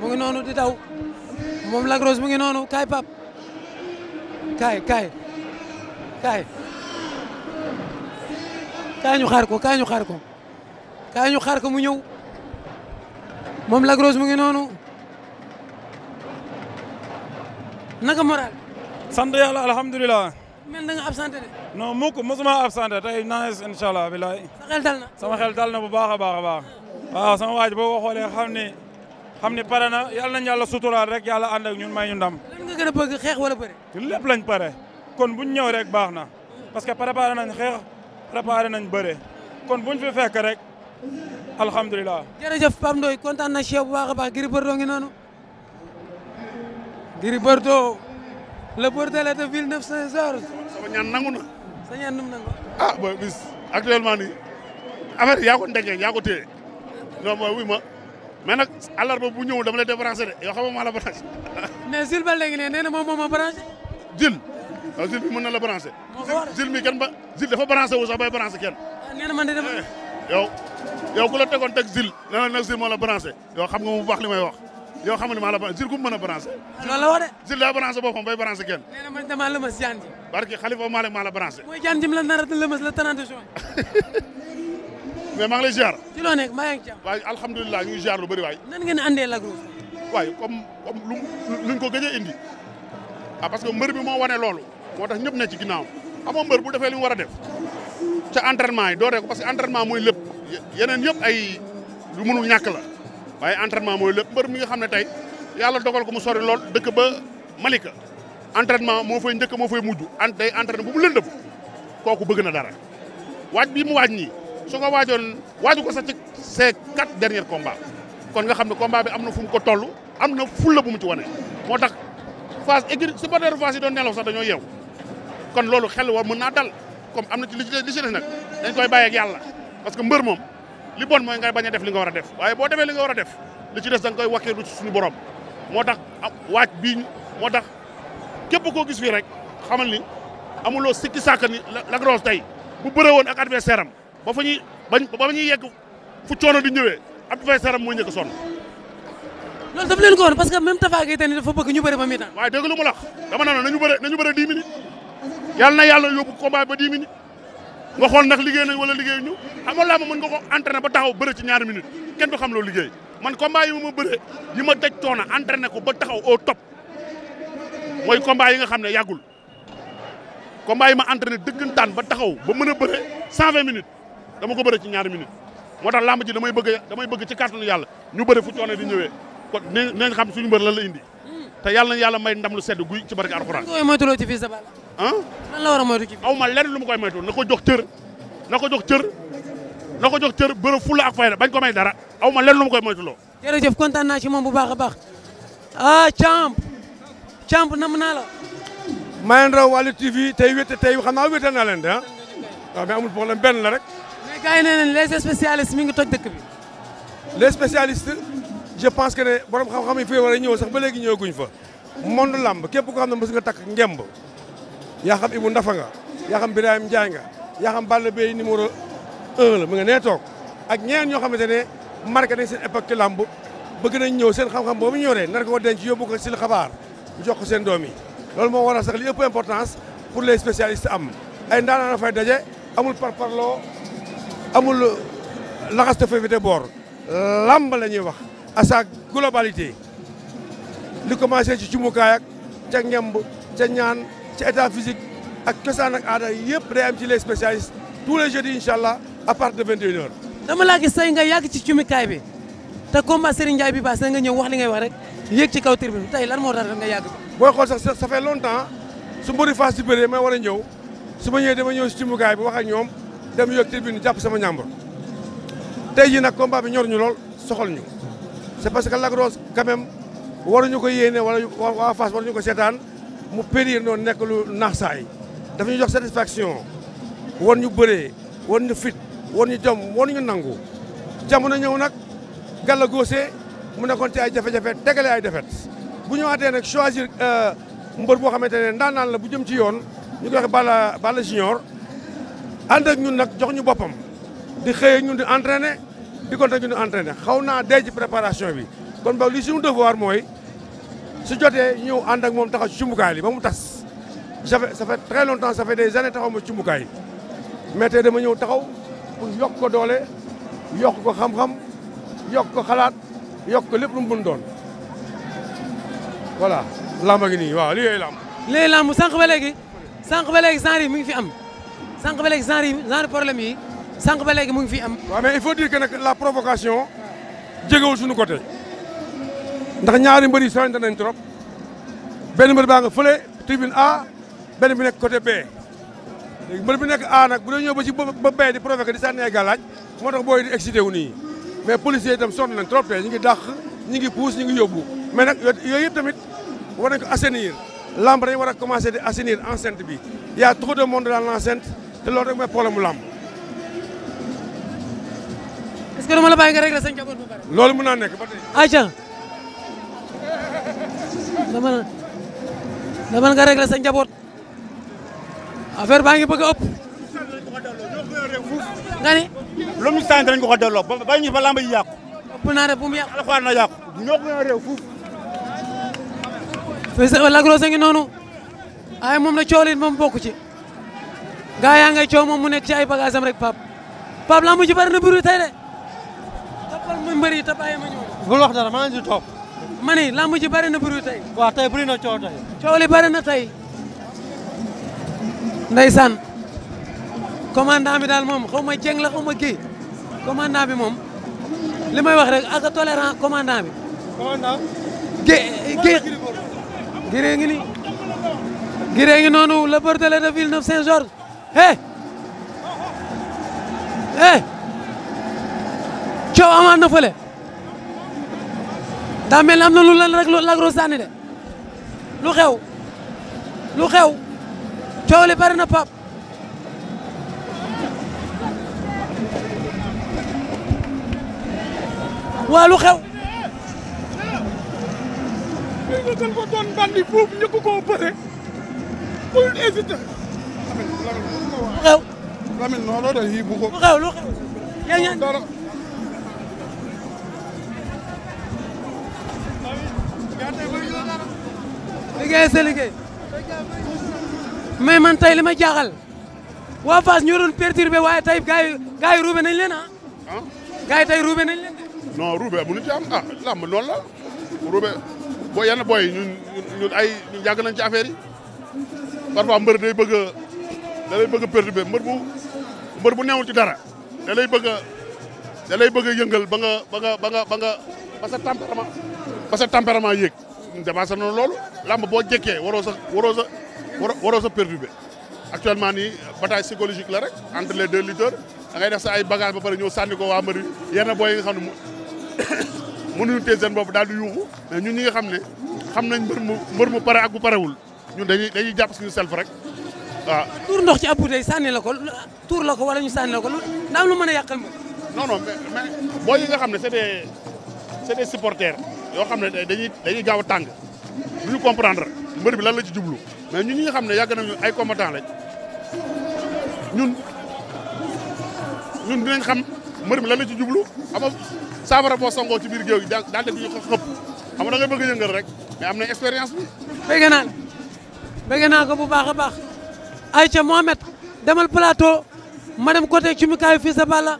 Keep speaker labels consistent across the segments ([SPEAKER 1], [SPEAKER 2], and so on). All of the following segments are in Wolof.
[SPEAKER 1] mu ngi noonu di daw moom Lac Rose mu ngi noonu kay pap kaay kaay kaay kaay ñu xaar ko kaay ñu ko mu ñëw moom Lac mu ngi noonu naka moral sant yàlla alhamdulilah mel na nga absenté de non mukk mosuma absenté tey na sama xel dal na bu baax a baax a baax sama waaj boo ko xoolee xam ni xam ni pare na yàlla nañu yàlla suturaal rek yàlla ànd ak ñun may ñu ndam. lan nga gën a bëgg xeex wala bëre. lépp lañ pare kon buñ ñëw rek baax na parce que préparé nañ xeex préparé nañ bëre kon buñ fi fekk rek alhamdulilah. jërëjëf Pape Ndoye kontaan na si bu baax a baax Gris Bordeaux ngi noonu. Gris Bordeaux
[SPEAKER 2] le Bordelais de Villeneuve Saint-Georges. sama ñaan nangu na.
[SPEAKER 1] sa ñaan num nangu.
[SPEAKER 2] ah booy bis actuellement nii affaire yaa ko ndekkee yaa ko téye non mooy wuy ma. mais nag àllarba bu ñëw dama lay débranché de yoo xam nga maa la branché. mais Jules ba léegi ne nee na moom moo ma branché. Jules waaw Jules bi mën ba Jules dafa branché wu sax bay branché kenn. Ah, nee na man de dama. Eh, tegoon teg Jules nee na nag Jules moo la branché yow xam nga mu baax li may wax yow xam nga ni maa la branché Jules ku mu mën a branché. Ah, loolu la woo de. Jules daa branché boppam bay branché kenn. nee na man damaa lëmas jaan maa la branché. mais maa ngi lay ziar. ci loo nekk maa ngi jàmm. waaye alhamdulilah ñu ngi ziar lu bëri waay. nan ngeen andee Lac Rose. waaye comme comme ko gëj a indi ah, parce que mbër mi moo wane loolu moo tax ñëpp ne ci ginnaaw amoo mbër bu defee li war a def ca entraînement yi dooree ko parce que entraînement mooy lépp yeneen yëpp ay lu mënul ñàkk la waaye entraînement mooy lépp mbër mi nga xam ne tey yàlla dogal ko mu sori lool dëkk ba Malika entraînement moo fay njëkk moo fay mujj an day entraîné bu mu lëndëm kooku bëgg na dara waaj soo ko waajoon waaju ko sax ci ses quatre derniers combats kon nga xam ne combat bi am na fu mu ko tollu am na fulla bu mu ci wane. moo tax phase écrit supporter phase yi doon nelaw sax dañoo yeew kon loolu xel war mën naa dal comme am na ci li li ci des nag dañ koy bàyyi ak yàlla parce que mbër moom li bon mooy ngay bañ a def li nga war a def waaye boo defee li nga war a def li ci des da koy wakkeelu ci suñu borom moo tax waaj bii moo tax képp koo gis fii rek xamal ni amuloo sikki sàkk ni Lac Rose tey bu bëre woon ak adversaire am ba fa ñuy bañ ba ñuy yegg fu coono di ñëwee Abdou Faye Saram mooy ñëkk sonn. loolu daf leen ko woon parce que même Tapha Gueye tamit dafa bëgg ñu bëre ba mi temps. waaye dégg lu mu lax dama naan nañu bëre nañu bëre 10 minutes yàlla na yàlla yóbbu ba 10 minutes nga xool ndax liggéey nañ wala liggéey ñu amoon laa ma mën nga ko entraîné ba taxaw bëre ci ñaari minutes kenn du xam loolu liggéey man combat yi ma bëre yi ma daj coono entraîné ko ba taxaw oo top mooy combat yi nga xam ne yàggul combat yi ma entraîné dëggantaan ba taxaw ba mën a bëre 120 minutes dama ko bëre ci ñaari minute moo tax làmb ji damay bëgg damay bëgg ci kàttanu yàlla ñu bëre fu coono di ñëwee kon xam suñu mbër lan la indi te yàlla na yàlla may ndam lu sedd guy ci barke alxuraan ah lan la war a moytu ci aw ma lenn lu ma koy moytu na ko jox cër na ko jox cër na ko jox cër bëre fulla ak fayda bañ ko may dara aw ma lenn lu ma koy moytuloo jërëjëf kontaan naa ci moom bu baax a baax ah Thiam Thiam nam naa la
[SPEAKER 3] maa leen raw wàllu TV tey wéte tey xam naa wéte naa leen de ah waaw ah, benn la gars yi nee nañ les spécialistes mi ngi toj dëkk bi. les spécialistes je pense que ne borom xam-xam yi fi war a ñëw sax ba léegi ñëwaguñ fa. monde lamb képp koo xam ne mos nga takk ngemb yaa xam Ibou Ndafa nga yaa xam Birahim Ndiaye nga yaa xam Balla Beye numéro 1 mu nga nee toog ak ñeneen ñoo xamante ne marqué nañ seen époque lamb bëgg nañ ñëw seen xam-xam boobu ñu ñoree nar ko denc yóbbu ko si xabaar jox ko seen doom yi loolu moo waral sax li ëpp importance pour les spécialistes am ay ndaanaan a amul laxas dafa évité boor làmb la ñuy wax à sa globalité li commencé ci cumukaay ak ca ngemb ca ñaan ca état physique ak cosaan ak aada yëpp day am ci les spécialistes tous les jeudis incha allah à partir de 21h. dama laa say nga yàgg ci cumukaay bi te combat Serigne Ndiaye bi baax sa nga ñëw wax li ngay wax rek yéeg ci kaw tribune tey lan moo tax nga yàgg. booy xool sa ça fait longtemps su mbëri Fass di bëree may war a ñëw su ma ñëwee dama ñëw si bi wax ak ñoom. dem yokk tribune jàpp sama ñàmbur tey jii nag combat bi ñor lool soxal ñu c'est parce que Lac Rose quand même waruñu ko yéene wala waa Fass waruñu ko seetaan mu périr noonu nekk naax saay dafa ñu jox satisfaction war ñu bëree war ñu fit war ñu jom war ñu nangu jamono ñëw nag gàlla góose mu nekkoon ci ay jafe-jafe tegale ay defet bu ñëwaatee nag choisir euh, mbër boo xamante ne ndaanaan la bu jëm ci yoon ñu koy wax Balla Balla ànd ñun nag jox ñu boppam di xëy ñun di entraîner di gonta ñun di entraîner xaw naa dee ci préparation bi kon boog li suñu devoir mooy su jotee ñëw ànd ak moom taxaw ci cumbukaay li ba mu tas ça fait ça fait très longtemps ça fait taxaw ma cumbukaay yi mais dama ñëw taxaw yokk ko doole yokk ko xam-xam yokk ko xalaat yokk ko lépp lu mu mën doon voilà lamba gi nii waaw li yooyu lamb
[SPEAKER 1] léegi lamb sànq ba léegi sànq ba léegi genre yi mi ngi fi am sànq ba léegi genre genre problème yi sànq ba léegi mu ngi fi am. waaw
[SPEAKER 3] mais il faut dire que nag la provocation jegewul suñu côté ndax ñaari mbër yi sorante nañ trop benn mbër baa nga fële tribune A benn bi nekk côté B. léegi bi nekk A nag bu dee ñëw ba ci ba B di provoqué di sànni ay galaaj moo tax booy di excité wu nii mais policiers itam sonn nañ trop te ñu ngi dàq ñu ngi puus ñu ngi yóbbu mais nag yooyu yëpp tamit war nañ ko assainir lamb dañu war a commencé di assainir enceinte bi y' a trop de monde te loolu rek mooy problème mu làmb.
[SPEAKER 1] est-ce que dama la bàyyi nga régler sa njaboot
[SPEAKER 3] loolu mën naa nekk ba tey.
[SPEAKER 1] nga régler sa njaboot affaire baa ngi bëgg a ëpp. nga ni. lu mu sant nañ ko ko delloo ba ba ñu ba làmb yi yàqu. ëpp naa ne bu mu yàqu. alxuraan na yàqu ñoo ko ngi noonu ay moom la coolin moom bokku ci. gaa yaa ngay coow moom mu nekk ci ay bagage am rek Pape Pape laa bari na buru tey de toppal ma mbëri yi ci bari na buru tey. na coow tey. li bari na tey. ndeysaan commandant bi daal moom xaw ma jeng la ma kii commandant bi moom li may wax rek ak tolérant commandant bi.
[SPEAKER 3] commandant. gé
[SPEAKER 1] giree ngi noonu le bordel de Villeneuve Saint-Georges. eh eh coow amaat na fële daa mel na lu lan rek Lac de lu xew lu xew coow li bari na pap
[SPEAKER 2] waa lu xew ñu ko doon bandi foofu ñu ko koo bëre
[SPEAKER 3] bul hésiter lu xew. Lamine
[SPEAKER 1] man tey li ma jaaxal. waa Fass ñoo doon perturbé waaye tey
[SPEAKER 2] gars yi nañ leen ah. ah gars yi tey ruube nañ leen de. non ruube mënu ci am ah lamb noonu la ruube boo yenn booy ñun ay ñun yàgg nañ ci affaire yi parfois mbër day bëgg da lay bëgg a perturber mbër bu mbër bu newul ci dara da lay bëgg a da lay bëgg a yëngal ba nga ba nga ba nga ba nga ba sa tempérament ba sa tempérament yéeg dépassé na loolu làmb boo jekkee waroo sa waroo sa waroo sa perturber actuellement nii bataille psychologique la rek entre de deux a ngay def sa ay bagage ba pare ñëw sànni ko waa mbëri yenn boo yi nga xam ne mënuñu seen bopp daal di yuuxu mais ñun ñi nga xam ne xam nañ mbër mu mbër mu pare ak bu parewul ñun dañuy dañuy jàpp suñu self rek waaw ah. tuur ndox ci ab bouteille sànni la ko tuur la ko wala ñu sànni la ko ndaam lu mën a yàqal moom. non non mais boo nga xam ne se est des yoo xam ne dañuy dañuy gaaw a tàng duñu comprendre mbër bi lan la ci jublu mais ñun ñi nga xam ne yàgg nañu ay combattant lañ ñun ñun dinañ xam mbër bi la ci jublu ama saafara boo songoo ci biir géew gi daal daal dañuy xëpp xam nga da ngay bëgg a yëngal rek mais am na expérience bi. bëgg naa
[SPEAKER 1] bëgg naa ko bu baax a baax. Aïcha Mohamed demal plateau ma dem côté cumikaayu fii sa Balla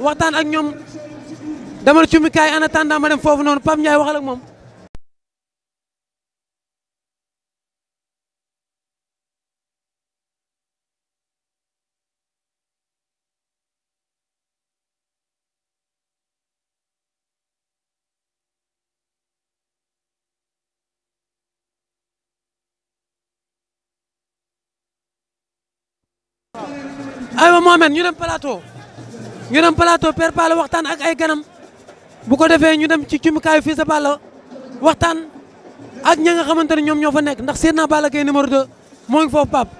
[SPEAKER 1] waxtaan ak ñoom demal cumikaay en attendant ma dem foofu noonu Pape Ndiaye waxal ak moom. aywa Mohamed ñu dem plateau ñu dem plateau Père Palla waxtaan ak ay ganam bu ko defee ñu dem ci cumukaayu Fils de Balla waxtaan ak ña nga xamante ne ñoom ñoo fa nekk ndax seet na Balla Gaye numéro 2 moo ngi foofu Pape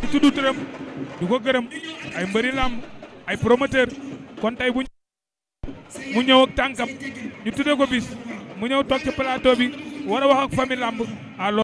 [SPEAKER 3] di tudd du ko gërëm ay mbëri làmb ay promoteur kon tey bu mu ñëw ak tànkam ñu tudde ko bis mu ñëw toog ci plateau bi war a wax ak famille làmb alors